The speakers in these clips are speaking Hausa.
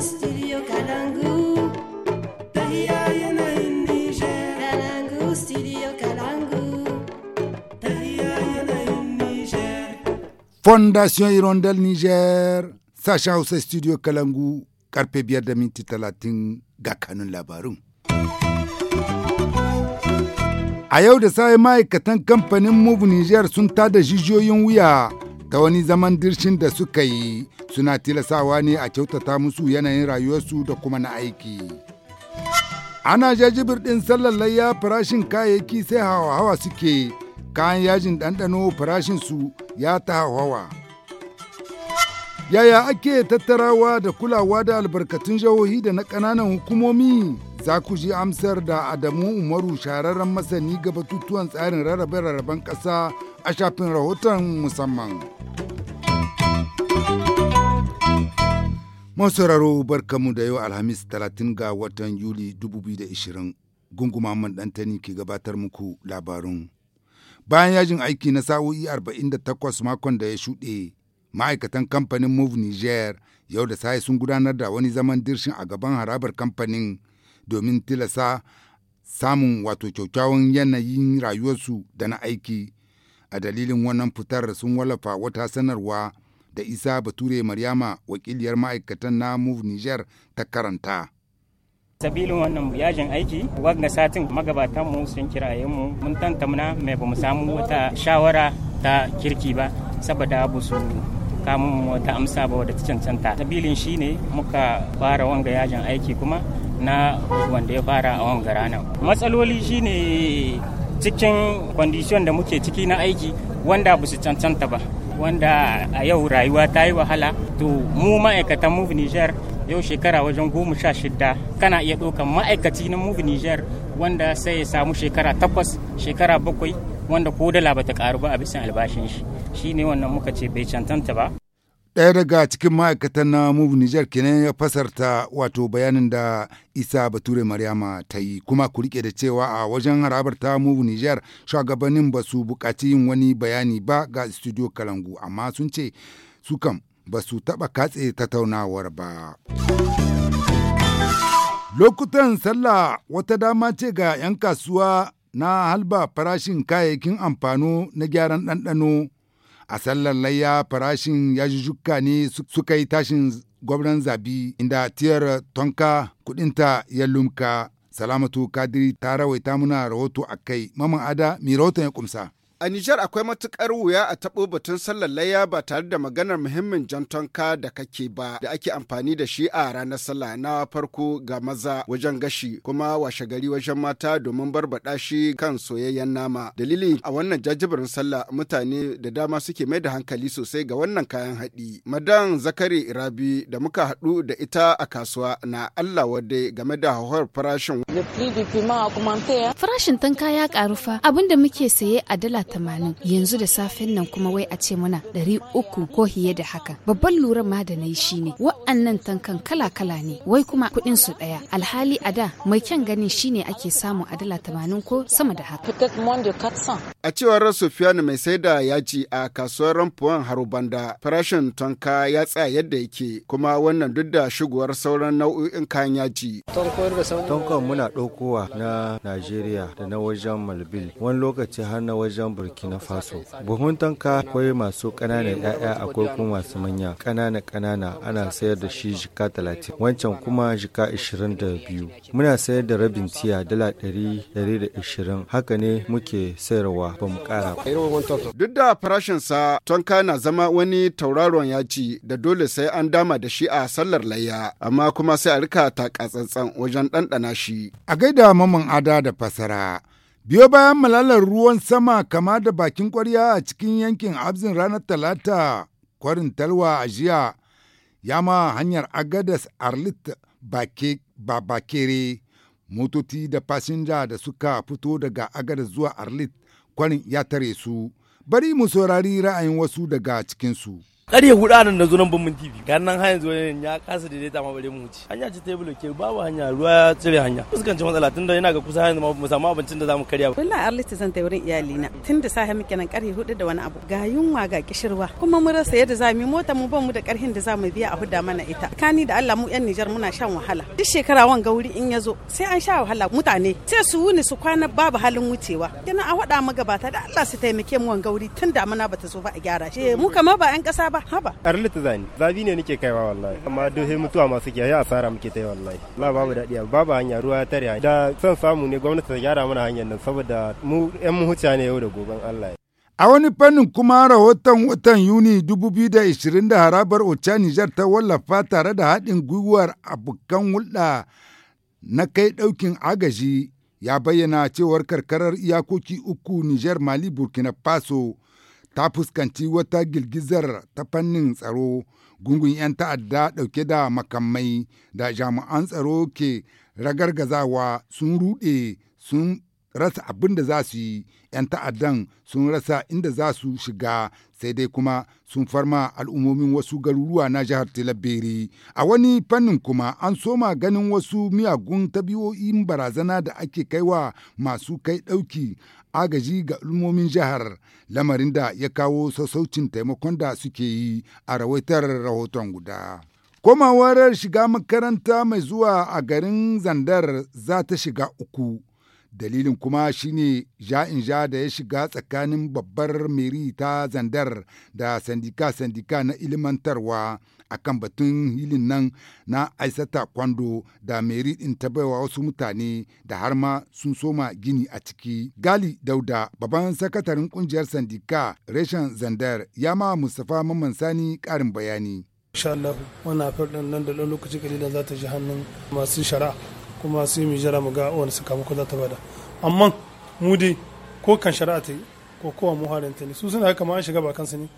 studio Fondation Hirondelle Niger. sacha Hausa studio Kalangu. Karfe biyar da minti talatin ga kanun labarun. A yau da sai ma'aikatan kamfanin Move Niger sun tada jijiyoyin wuya ta wani zaman dirshin da suka yi suna tilasawa ne a kyautata musu yanayin rayuwarsu da kuma na aiki. Ana jajibir ɗin sallar layya farashin kayayyaki sai hawa-hawa suke kayan yajin ɗanɗano farashinsu ya ta hawa. Yaya ake tattarawa da kulawa da albarkatun jihohi da na ƙananan hukumomi? Za ku ji amsar da Adamu Umaru shararren masani ga batutuwan tsarin rarrabe-rarraben ƙasa a shafin rahoton musamman. masauraro barkamu da yau alhamis 30 ga watan yuli 2020 gunguma man ɗantani ke gabatar muku labarun bayan yajin aiki na sa'o'i 48 makon da ya shuɗe ma'aikatan kamfanin move niger yau da sai sun gudanar da wani zaman dirshin a gaban harabar kamfanin domin tilasa samun wato kyakkyawan yanayin rayuwarsu da na aiki a dalilin wannan fitar sun wallafa wata sanarwa da Isa Bature Maryama wakiliyar ma'aikatan na Move Niger ta karanta. sabilin wannan yajin aiki wanga satin mu sun kiraye mu mun tantamna mai bamu samu wata shawara ta kirki ba saboda abu su kamun wata amsa ba wadda ta cancanta sabilin shi ne muka fara wanga yajin aiki kuma na wanda ya fara a wanga rana matsaloli shine cikin kwandishon da muke ciki na aiki wanda ba su cancanta ba wanda a yau rayuwa ta yi wahala to mu ma'aikatan move niger yau shekara wajen goma sha shida kana iya ɗaukan ma'aikaci na move niger wanda sai ya samu shekara takwas shekara bakwai wanda ko dala bata karu ba a bisan albashin shi shine wannan muka ce bai cancanta ba ɗaya daga cikin ma'aikatan na move niger kenan ya fasarta wato bayanin da isa bature maryama ta yi kuma ku rike da cewa a wajen harabar ta move niger shugabannin ba su buƙaci yin wani bayani ba ga studio kalangu amma sun ce su kam ba su taɓa katse tattaunawar ba. Lokutan sallah wata dama ce ga 'yan kasuwa na halba farashin kayayyakin amfano na gyaran ɗanɗano a sallar layya farashin ya jujjuka ne suka yi tashin gwamnan zabi inda tiyar tonka kudinta ya lumka salamatu kadiri ta rawaita muna rahoto a kai maman ada mai rahoton ya kumsa A Nijar akwai matukar wuya a taɓo batun sallar layya ba tare da maganar muhimmin jantonka da kake ba da ake amfani da shi a ranar sallah na farko ga maza wajen gashi kuma washe gari wajen mata domin barbaɗa shi kan soyayyen nama. Dalili a wannan jajibirin sallah mutane da dama suke mai da hankali sosai ga wannan kayan haɗi. Madan Zakari Rabi da muka haɗu da ita a kasuwa na Allah wadai game da hauhawar farashin. Farashin tanka ya ƙaru abinda muke saye a dala tamanin yanzu da safen nan kuma wai a ce muna ɗari uku ko fiye da haka babban lura ma da na yi shine wa'annan tankan kala-kala ne wai kuma kuɗin su ɗaya alhali a da mai kyan ganin shine ake samu a dala tamanin ko sama da haka. A cewar Sufiyanu mai sai da yaji a kasuwar Rampuwan Harubanda farashin tanka ya tsaya yadda yake kuma wannan duk da shigowar sauran nau'o'in kayan yaji. Tonkan muna ɗaukowa na Najeriya da na wajen Malbil wani lokaci har na wajen burkina faso buhun tanka akwai masu kananan 'ya'ya akwai kuma masu manya kanana ƙanana ana sayar da shi jika talatin wancan kuma jika ishirin da biyu muna sayar da rabin tiya dala ɗari ɗari da ishirin, haka ne muke sayarwa ba mu ƙara duk da farashin sa tonka na zama wani tauraron ya ci, da dole sai an dama da shi a sallar layya amma kuma sai a rika tsantsan wajen ɗanɗana shi a gaida maman ada da fasara Biyo bayan malalar ruwan sama kama da bakin kwarya a cikin yankin Abzin ranar Talata kwarin Talwa a jiya ya ma hanyar Agadas Arlit Babakere motoci da fasinja da suka fito daga Agadas zuwa Arlit kwarin ya tare su bari mu saurari ra'ayin wasu daga cikinsu. Ƙarya hudu nan da zo nan bambam TV. Ga nan hanyar zuwa wani ya kasa daidaita ma bare mu wuce. Hanya ce ta yi bloke babu hanya ruwa ya cire hanya. Fuskanci matsala tunda yana ga kusa hanyar mu samu abincin da zamu karya. Wallahi Arliti zan ta wurin iyalina. Tunda safe muke nan ƙarya hudu da wani abu. Ga yunwa ga kishirwa. Kuma mu rasa yadda za mu yi mota mu ban mu da ƙarhin da za mu biya a huda mana ita. Kani da Allah mu 'yan Nijar muna shan wahala. Duk shekara wanga wuri in ya zo sai an sha wahala mutane. Sai su wuni su kwana babu halin wucewa. Yana a wada magabata da Allah su taimake mu wanga wuri tun damuna bata zo ba a gyara shi. Eh, mu kama ba 'yan ƙasa haba haba arlit zani zabi ne nake kaiwa wallahi amma dohe mutuwa masu kiyaye asara muke ta yi wallahi la babu daɗi babu hanya ruwa ta riya da son samu ne gwamnati ta gyara mana hanyar nan saboda mu yan muhuta ne yau da goben Allah A wani fannin kuma rahoton watan Yuni 2020 da harabar Ocha Nijar ta wallafa tare da haɗin gwiwar abokan hulɗa na kai ɗaukin agaji ya bayyana cewar karkarar iyakoki uku Nijar Mali Burkina Faso ta fuskanci wata girgizar ta fannin tsaro gungun 'yan ta'adda ɗauke da makamai da jami'an tsaro ke ragargazawa sun ruɗe sun rasa abin da za su yi 'yan ta'addan sun rasa inda za su shiga sai dai kuma sun farma al'ummomin wasu garuruwa na jihar tilabiri a wani fannin kuma an soma ganin wasu miyagun tabiyoyin barazana da ake kaiwa masu kai ɗauki agaji ga al'ummomin jihar lamarin da ya kawo sassaucin taimakon da suke yi a rawaitar rahoton guda. Komawar shiga makaranta mai zuwa a garin Zandar za ta shiga uku dalilin kuma shine ja'in ja da ya shiga tsakanin babbar meri ta zandar da sandika-sandika na ilimantarwa a kan batun hilin nan na aisata kwando da meri ɗin ta baiwa wasu mutane da har ma sun soma gini a ciki gali dauda babban sakatarin kungiyar sandika reshen zandar ya ma mustapha mamman sani ƙarin bayani insha Allah wannan afir nan da lokaci kalilan za ta ji hannun masu shara kuma sai mu jira mu ga wani muku za ta bada amma mu dai ko kan shari'a ta yi ko kowa mu harinta ne su suna kama an shiga ba kansu ne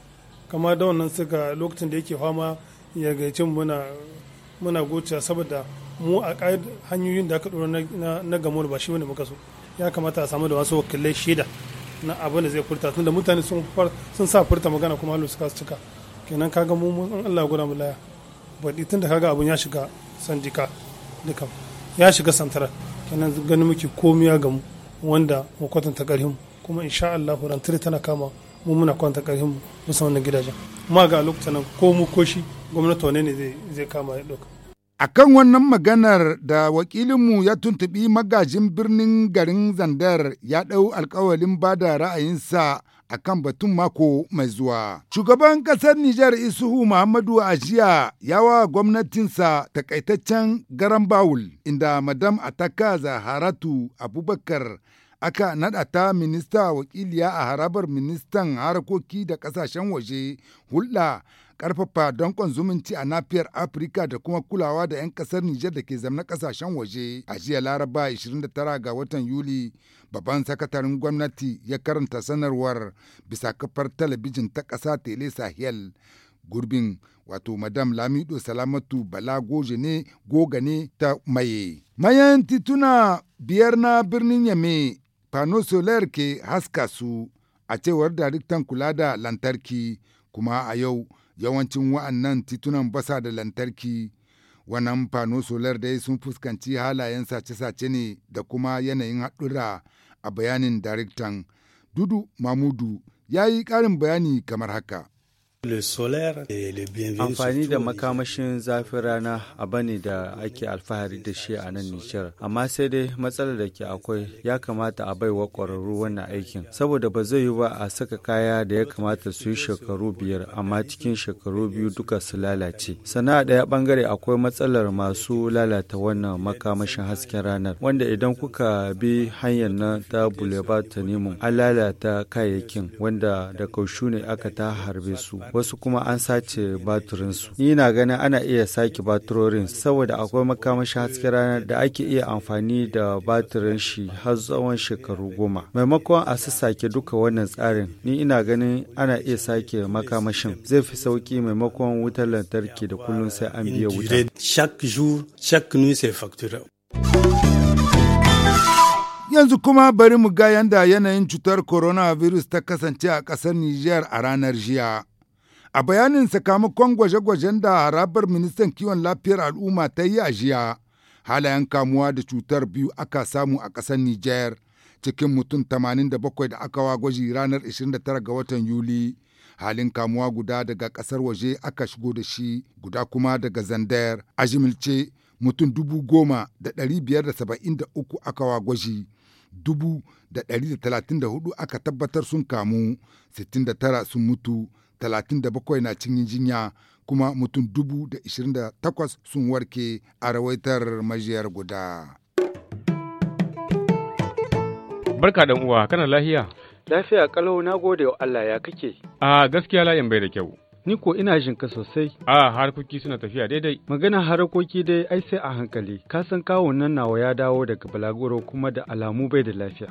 kama da wannan suka lokacin da yake fama ya gaice muna muna gociya saboda mu a ƙa'id hanyoyin da aka ɗora na gamon ba shi wani muka so ya kamata a samu da wasu wakilai shaida na abin da zai furta tun da mutane sun sa furta magana kuma halin suka cika kenan kaga mu mun Allah ya gura mu laya baɗi tunda kaga abun ya shiga sandika duka ya shiga santaral kenan ganin muke komiya ga mu wanda mu kwatanta karhin kuma insha Allah tare tana kama mu muna kwanta karhin mu wannan gidajen ma ga lokacin nan ko mu ko shi gwamnati wane ne zai kama ya doka akan wannan maganar da wakilinmu ya tuntubi magajin birnin garin Zandar ya dau alkawalin bada ra'ayinsa a kan batun mako mai zuwa. Shugaban ƙasar Nijar Isuhu Muhammadu Ajiya ya wa gwamnatinsa takaitaccen garan bawul inda Madam Ataka Zaharatu Abubakar aka naɗa ta minista wakiliya a harabar ministan harakoki da ƙasashen waje hulɗa ƙarfafa danƙon zumunci a nafiyar afirka da kuma kulawa da 'yan ƙasar nijar da ke zamna ƙasashen waje a jiya laraba 29 ga watan yuli babban sakataren gwamnati ya karanta sanarwar bisa kafar talabijin ta ƙasa tele sahel gurbin wato madam lamido salamatu bala goje ne goga ne ta maye mayan tituna biyar na birnin yame fano solar ke haska su a cewar daraktan kula da lantarki kuma a yau yawancin wa'annan titunan basa da lantarki wannan fano solar dai sun fuskanci halayen sace-sace ne da kuma yanayin haɗura a bayanin daraktan dudu mamudu ya yi ƙarin bayani kamar haka Amfani da makamashin zafin rana abu ne da ake alfahari da shi a nan Nijar. Amma sai dai matsalar da ke akwai ya kamata a baiwa ƙwararru wannan aikin. Saboda ba zai yi ba a saka kaya da ya kamata su yi shekaru biyar amma cikin shekaru biyu duka su lalace. Sana'a ɗaya bangare akwai matsalar masu lalata wannan makamashin hasken ranar. Wanda idan kuka bi hanyar nan ta bulebata nemo an lalata kayayyakin wanda da kaushu ne aka ta harbe su. wasu kuma an sace baturinsu ni na ganin ana iya sake baturorin saboda akwai makamashin hasken rana da ake iya amfani da baturin shi har tsawon shekaru goma maimakon a sassake duka wannan tsarin ni ina ganin ana iya sake makamashin zai fi sauki maimakon wutar lantarki da kullum sai an biya wutar Yanzu kuma bari mu ga yanda yanayin cutar coronavirus ta kasance a ƙasar Nijar a ranar jiya. A bayanin sakamakon gwaje-gwajen da harabar ministan kiwon lafiyar al'umma ta yi a jiya, halayen kamuwa da cutar biyu aka samu a ƙasar Nijar cikin mutum 87 da aka wa gwaji ranar 29 ga watan Yuli. Halin kamuwa guda daga ƙasar waje aka shigo da shi guda kuma daga Zandar. A jimilce mutum dubu goma da biyar da saba'in da uku aka wa gwaji. Dubu da ɗari da talatin da hudu aka tabbatar sun kamu, sittin da tara sun mutu, 37 na cikin jinya kuma mutum 28 sun warke a rawaitar majiyar guda. Barka ɗan uwa kana lahiya? Lafiya kalau na gode wa Allah ya kake. A gaskiya layin bai da kyau. ni ko ina jin ka sosai. A harkoki suna tafiya daidai. Magana harkoki dai ai sai a hankali. Ka san kawun nan nawa ya dawo daga balagoro kuma da alamu bai da lafiya.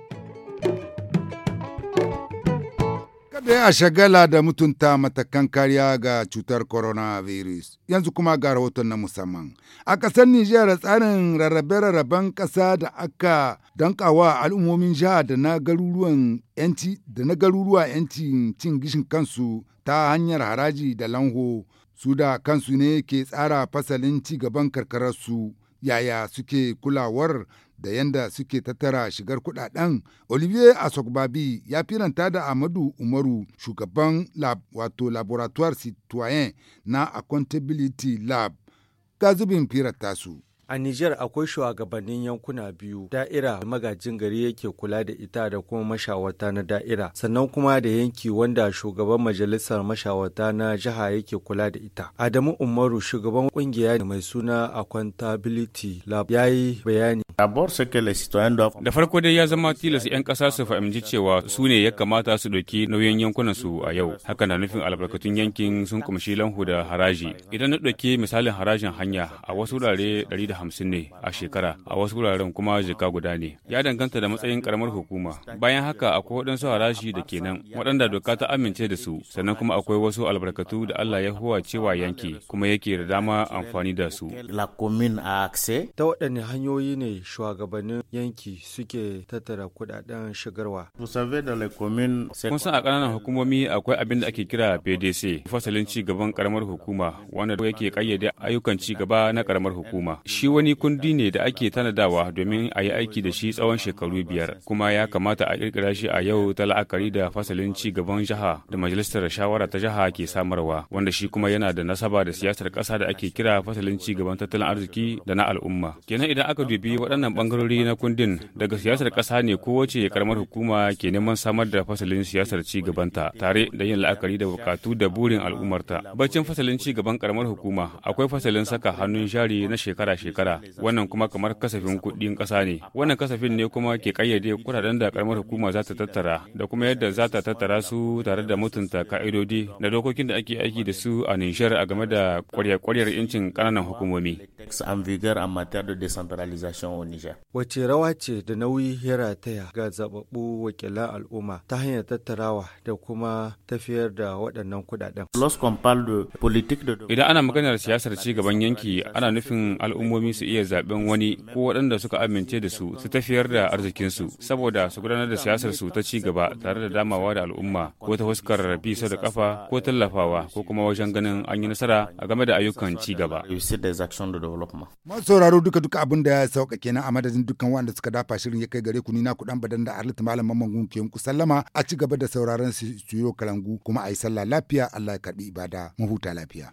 kada a shagala da mutunta matakan kariya ga cutar coronavirus yanzu kuma ga rahoton na musamman a ƙasar nijar tsarin rarrabe-rarraben ƙasa da aka dankawa al'ummomin jiha da na garuruwan yanci da na garuruwa yancin cin gishin kansu ta hanyar haraji da lanho su da kansu ne ke tsara fasalin ci gaban karkararsu yaya suke kulawar da yanda suke tattara shigar kudaden olivier asogbabi ya firanta da amadu umaru shugaban lab wato laboratoire citoyen na accountability lab ga zubin firanta su A Nijar akwai shugabannin yankuna biyu, da'ira magajin gari yake kula da ita da kuma mashawarta na da'ira, sannan kuma da yanki wanda shugaban majalisar mashawarta na jiha yake kula da ita. Adamu Umaru shugaban kungiya mai suna Accountability Lab ya bayani. Da farko dai ya zama tilas 'yan ƙasa su fahimci cewa su ne ya kamata su ɗauki nauyin yankunan su a yau. Haka na nufin albarkatun yankin sun kumshi lanhu da haraji. Idan na ɗauki misalin harajin hanya a wasu wurare hamsin ne a shekara a wasu wuraren kuma jika guda ne ya danganta da matsayin karamar hukuma bayan haka akwai waɗansu harashi da kenan. waɗanda doka ta amince da su sannan kuma akwai wasu albarkatu da Allah ya huwa cewa yanki kuma yake da dama amfani da su ta waɗanne hanyoyi ne shugabannin yanki suke tattara kuɗaɗen shigarwa kun san a ƙananan hukumomi akwai abin da ake kira PDC fasalin ci gaban karamar hukuma wanda yake kayyade ayyukan ci gaba na karamar hukuma shi wani kundi ne da ake tanadawa domin a yi aiki da shi tsawon shekaru biyar, kuma ya kamata a kirkira shi a yau ta la'akari da fasalin ci gaban jiha da majalisar shawara ta jiha ke samarwa, wanda shi kuma yana da nasaba da siyasar ƙasa da ake kira fasalin ci gaban tattalin arziki da na al'umma. Kenan idan aka dubi waɗannan ɓangarori na kundin daga siyasar ƙasa ne kowace karamar hukuma ke neman samar da fasalin siyasar ci gabanta tare da yin la'akari da bukatu da burin al'ummarta. Baccin fasalin ci gaban karamar hukuma akwai fasalin saka hannun jari na shekara-shekara shekara wannan kuma kamar kasafin kuɗin kasa ne wannan kasafin ne kuma ke kayyade kudaden da karamar hukuma za ta tattara da kuma yadda za ta tattara su tare da mutunta ka'idodi da dokokin da ake aiki da su a Nijar a game da ƙwarya-ƙwaryar 'yancin ƙananan hukumomi. Wace rawa ce da nauyi ya taya ga zababbu wakilan al'umma ta hanyar tattarawa da kuma tafiyar da waɗannan kuɗaɗen? Idan ana maganar siyasar ci gaban yanki ana nufin al'ummomi hukumomi su iya zaben wani ko waɗanda suka amince da su su tafiyar da arzikinsu saboda su gudanar da siyasar su ta ci gaba tare da damawa da al'umma ko ta fuskar sau da kafa ko tallafawa ko kuma wajen ganin an yi nasara a game da ayyukan ci gaba. Masu sauraro duka duka abin da ya sauka kenan a madadin dukkan wanda suka dafa shirin ya kai gare ku ni na kuɗan badan da Arlit Malam Mamman gunke ku sallama a ci gaba da sauraron su studio Kalangu kuma a yi sallah lafiya Allah ya kaɗi ibada mu huta lafiya.